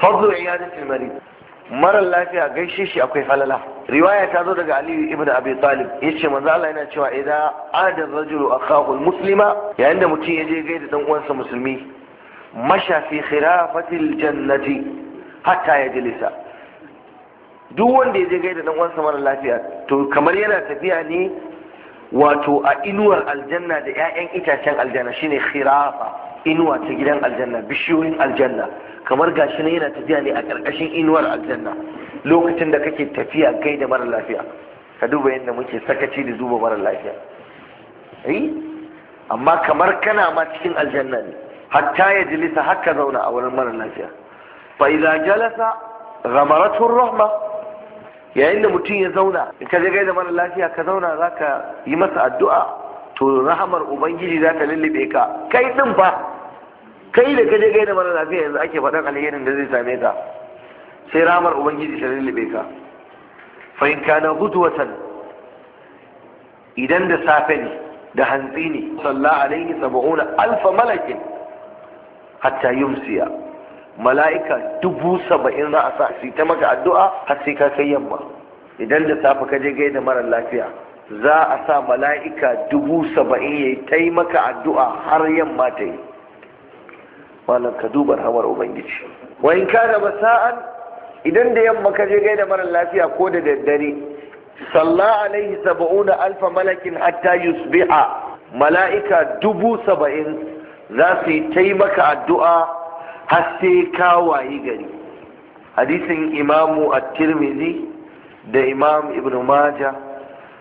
fadlu iyadatul marid marar lafiya gaishe shi akwai falala riwaya ta zo daga aliyu ibn abi talib yace manzo Allah yana cewa idan ada rajulu akhahu muslima yayin da mutum ya je gaida dan uwansa musulmi masha fi jannati hatta yajlisa duk wanda ya je gaida dan uwansa marar lafiya to kamar yana tafiya ne wato a inuwar aljanna da 'ya'yan itacen aljanna shine khirafa inuwa ta gidan aljanna bishiyoyin aljanna kamar gashi na yana tafiya ne a ƙarƙashin inuwar aljanna lokacin da kake tafiya kai da mara lafiya ka duba yadda muke sakaci da duba mara lafiya eh amma kamar kana ma cikin aljanna ne hatta ya jilisa haka zauna a wurin mara lafiya fa idza jalasa ghamaratu rahma yayin da mutum ya zauna in ka je da mara lafiya ka zauna zaka yi masa addu'a to rahamar ubangiji za ta lullube ka kai din ba kai da kaje kai da mara lafiya yanzu ake faɗan alherin da zai same ka sai ramar ubangiji ta lullube ka fa in kana gudwatan idan da safe ne da hantsi ne salla alaihi sab'una alf malakin hatta yumsiya mala'ika dubu saba'in za a sa su ta maka addu'a har sai ka kai yamma idan da safe ka kai da mara lafiya za a sa mala'ika dubu saba'in ya yi ta maka addu'a har yamma ta yi malam ka duba rahamar ubangiji wa in kana masa'an idan da yamma ka je gaida mara lafiya ko da daddare salla alaihi sab'una alfa malakin hatta yusbiha mala'ika dubu saba'in za su yi taimaka addu'a har sai ka wayi gari hadisin imamu at-tirmidhi da imam ibn majah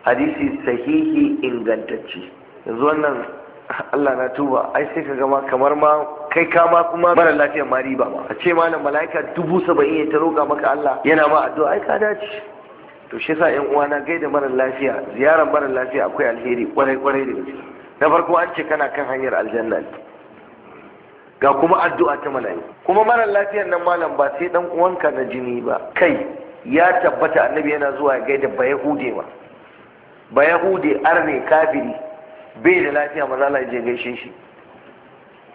hadisi sahihi ingantacce yanzu wannan Allah na tuba ai sai ka gama kamar ma kai kama kuma mara lafiya ma riba ba a ce malam mala'ika dubu saba'in ya ta roƙa maka Allah yana ma addu'a ai ka dace to shi yasa yan uwana gaida mara lafiya ziyarar mara lafiya akwai alheri kwarai kwarai da gaske na farko an ce kana kan hanyar aljanna ga kuma addu'a ta mala'i kuma mara lafiyar nan malam ba sai dan uwanka na jini ba kai ya tabbata annabi yana zuwa ya gaida ba yahude ba ba yahude arne kafiri bai da lafiya maza Allah ya je gaishe shi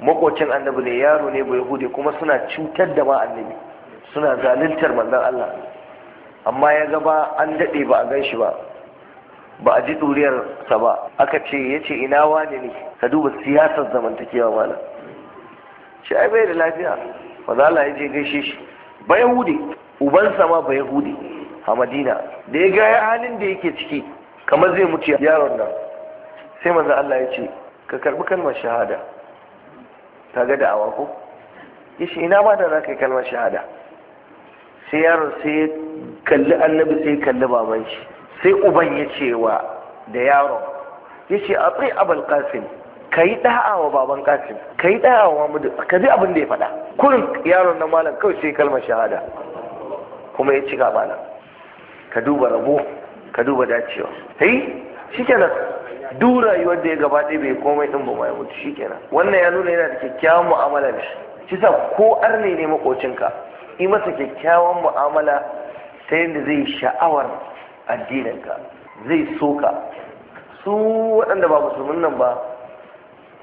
makocin annabi ne yaro ne bai hude kuma suna cutar da ma annabi suna zaluntar manzan Allah amma ya gaba an daɗe ba a gan shi ba ba a ji ɗuriyarsa ba aka ce ya ce ina wane ne ka duba siyasar zamantakewa mana shi ai bai da lafiya manzon Allah ya je gaishe shi ba yahudi ubansa ma ba yahudi a madina da ya ga halin da yake ciki kamar zai mutu yaron nan sai manzan Allah ya ce ka karbi kalmar shahada ga da'awa ko yace ina ma da zaka yi kalmar shahada sai yaron sai ya kalli annabi sai kalli baban shi sai uban ya ce wa da yaron ce a tsaye abul qasim kai da'a wa baban qasim kai da'a wa mudu ka ji abin da ya faɗa kun yaron na malam kawai sai kalmar shahada kuma ya ci gaba ka duba rabo ka duba dacewa shi kenan duk rayuwar da ya gabaɗe bai komai din ba ya mutu shikenan wannan ya nuna yana da kyakkyawan mu'amala da shi shi sa ko arne ne makocinka yi masa kyakkyawan mu'amala ta yadda zai sha'awar addininka zai soka su waɗanda ba musulmin nan ba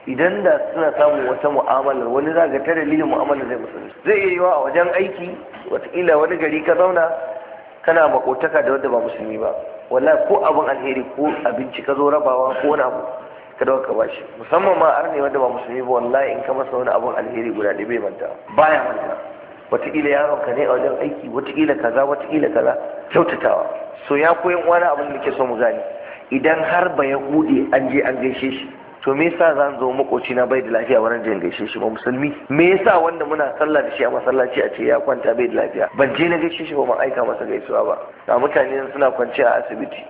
idan da suna samun wata mu'amala wani za ga ta dalilin mu'amala zai musulmi zai iya yiwa a wajen aiki watakila wani gari ka zauna kana makotaka da wanda ba musulmi ba Wala ko abin alheri ko abinci ka zo rabawa ko wani abu ka dawo ka bashi musamman ma ne wanda ba musulmi ba wallahi in ka masa wani abin alheri guda ɗaya bai manta baya manta wataƙila yaron ka ne a wajen aiki wataƙila kaza wataƙila kaza kyautatawa so ya koyan wani abin da ke so mu gani idan har ba ya hude an je an gaishe shi to me yasa zan zo makoci na bai da lafiya wurin jin gaishe shi ba musulmi me yasa wanda muna sallah da shi a masallaci a ce ya kwanta bai da lafiya ban je na gaishe shi ba ban aika masa gaisuwa ba ga mutane suna kwance a asibiti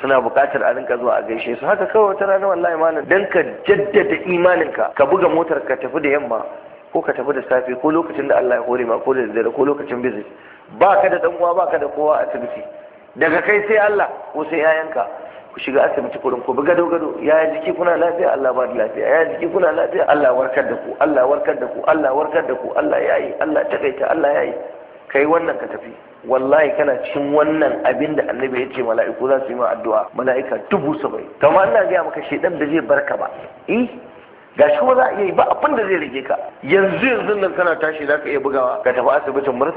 suna buƙatar a rinka zuwa a gaishe su haka kawai wata rana wallahi malam dan ka jaddada imaninka ka buga motar ka tafi da yamma ko ka tafi da safe ko lokacin da Allah ya hore ma ko da dare ko lokacin bizi ba ka da dan uwa ba ka da kowa a asibiti daga kai sai Allah ko sai yayanka ku shiga asibiti kurin ku bi gado gado yi jiki kuna lafiya Allah ba da lafiya yi jiki kuna lafiya Allah warkar da ku Allah warkar da ku Allah warkar da ku Allah yayi Allah takaita Allah yayi kai wannan ka tafi wallahi kana cikin wannan abin da annabi ya ce mala'iku za su yi ma addu'a mala'ika dubu saba'in kamar Allah ya maka shedan da zai barka ba eh ga shi za a iya yi ba abin da zai rage ka yanzu yanzu nan kana tashi za ka iya bugawa ka tafi asibitin murtala